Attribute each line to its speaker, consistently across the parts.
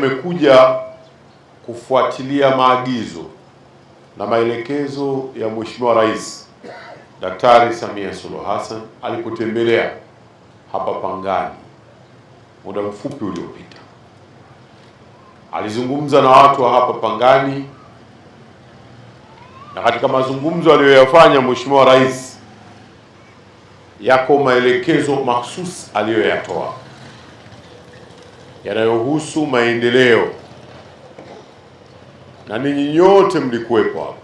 Speaker 1: Tumekuja kufuatilia maagizo na maelekezo ya Mheshimiwa Rais Daktari Samia Suluhu Hassan alipotembelea hapa Pangani muda mfupi uliopita. Alizungumza na watu wa hapa Pangani, na katika mazungumzo aliyoyafanya Mheshimiwa Rais yako maelekezo mahsusi aliyoyatoa yanayohusu maendeleo, na ninyi nyote mlikuwepo hapo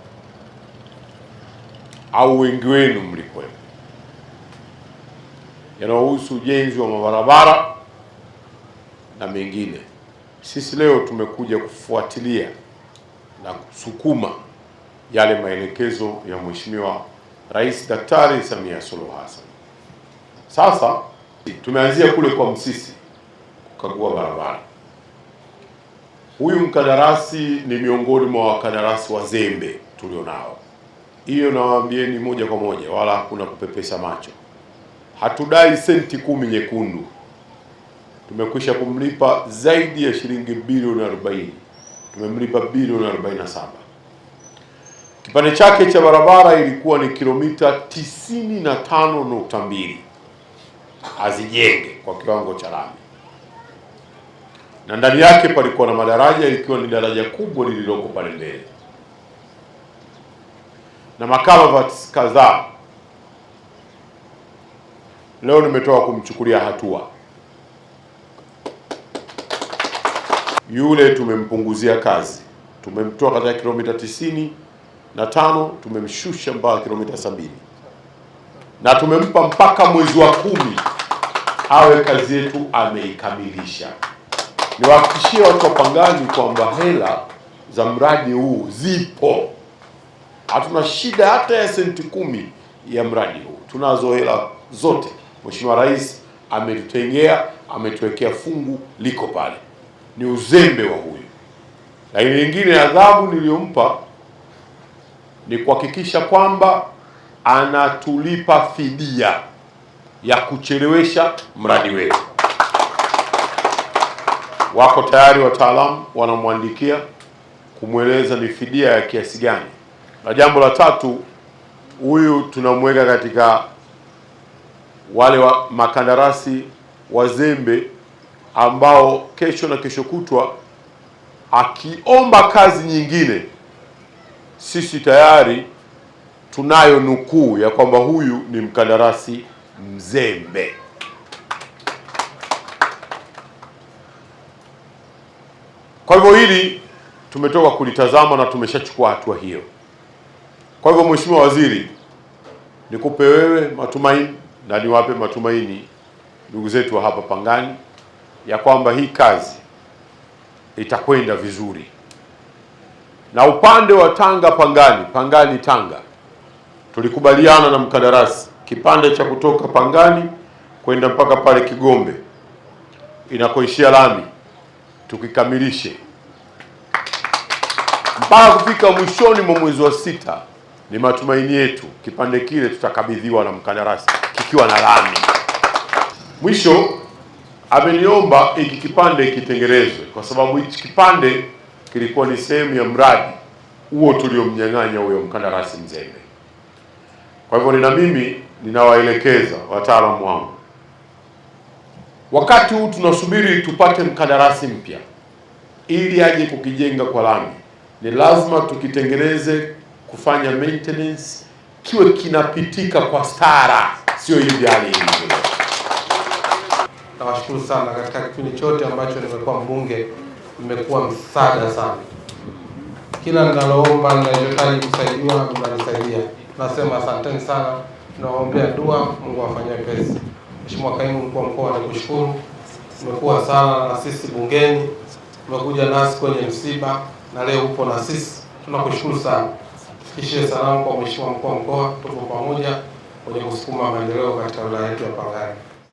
Speaker 1: au wengi wenu mlikuwepo, yanayohusu ujenzi wa mabarabara na mengine. Sisi leo tumekuja kufuatilia na kusukuma yale maelekezo ya Mheshimiwa Rais Daktari Samia Suluhu Hassan. Sasa tumeanzia kule kwa Msisi kukagua barabara. Huyu mkandarasi ni miongoni mwa wakandarasi wazembe tulionao, hiyo nawaambieni moja kwa moja, wala hakuna kupepesa macho. Hatudai senti kumi nyekundu, tumekwisha kumlipa zaidi ya shilingi bilioni 40, tumemlipa bilioni 47. Kipande chake cha barabara ilikuwa ni kilomita 95.2 azijenge kwa kiwango cha lami na ndani yake palikuwa na madaraja, ikiwa ni daraja kubwa lililoko pale mbele na makaravati kadhaa. Leo nimetoka kumchukulia hatua yule, tumempunguzia kazi, tumemtoa katika kilomita tisini na tano tumemshusha mpaka kilomita sabini na tumempa mpaka mwezi wa kumi awe kazi yetu ameikamilisha. Niwahakikishie watu Wapangani kwamba hela za mradi huu zipo, hatuna shida hata ya senti kumi ya mradi huu, tunazo hela zote. Mheshimiwa Rais ametutengea, ametuwekea fungu liko pale, ni uzembe wa huyu. Lakini lingine, adhabu niliyompa ni kuhakikisha kwamba anatulipa fidia ya kuchelewesha mradi wetu. Wako tayari wataalamu wanamwandikia kumweleza ni fidia ya kiasi gani. Na jambo la tatu, huyu tunamweka katika wale wa makandarasi wazembe ambao kesho na kesho kutwa akiomba kazi nyingine, sisi tayari tunayo nukuu ya kwamba huyu ni mkandarasi mzembe. Kwa hivyo hili tumetoka kulitazama na tumeshachukua hatua hiyo. Kwa hivyo, Mheshimiwa Waziri, nikupe wewe matumaini na niwape matumaini ndugu zetu wa hapa Pangani ya kwamba hii kazi itakwenda vizuri, na upande wa Tanga Pangani, Pangani Tanga, tulikubaliana na mkandarasi kipande cha kutoka Pangani kwenda mpaka pale Kigombe inakoishia lami tukikamilishe mpaka kufika mwishoni mwa mwezi wa sita. Ni matumaini yetu kipande kile tutakabidhiwa na mkandarasi kikiwa na lami. Mwisho ameniomba hiki kipande kitengenezwe kwa sababu hiki kipande kilikuwa ni sehemu ya mradi huo tuliomnyang'anya huyo mkandarasi mzembe. Kwa hivyo nina mimi ninawaelekeza wataalamu wangu Wakati huu tunasubiri tupate mkandarasi mpya ili aje kukijenga kwa lami, ni lazima tukitengeneze kufanya maintenance kiwe kinapitika kwa stara, sio hivi hali hivi.
Speaker 2: Nawashukuru sana, katika kipindi chote ambacho nimekuwa mbunge nimekuwa msaada sana. Kila ninaloomba ninachohitaji kusaidiwa mnanisaidia. Nasema asanteni sana, nawaombea dua, Mungu awafanyie pesa Mheshimiwa Kaimu Mkuu wa Mkoa, nikushukuru, umekuwa sana na sisi bungeni, umekuja nasi kwenye msiba na leo upo na sisi, tunakushukuru sana. Tufikishie salamu kwa Mheshimiwa Mkuu wa Mkoa, tuko pamoja kwenye kusukuma maendeleo katika wilaya yetu ya Pangani.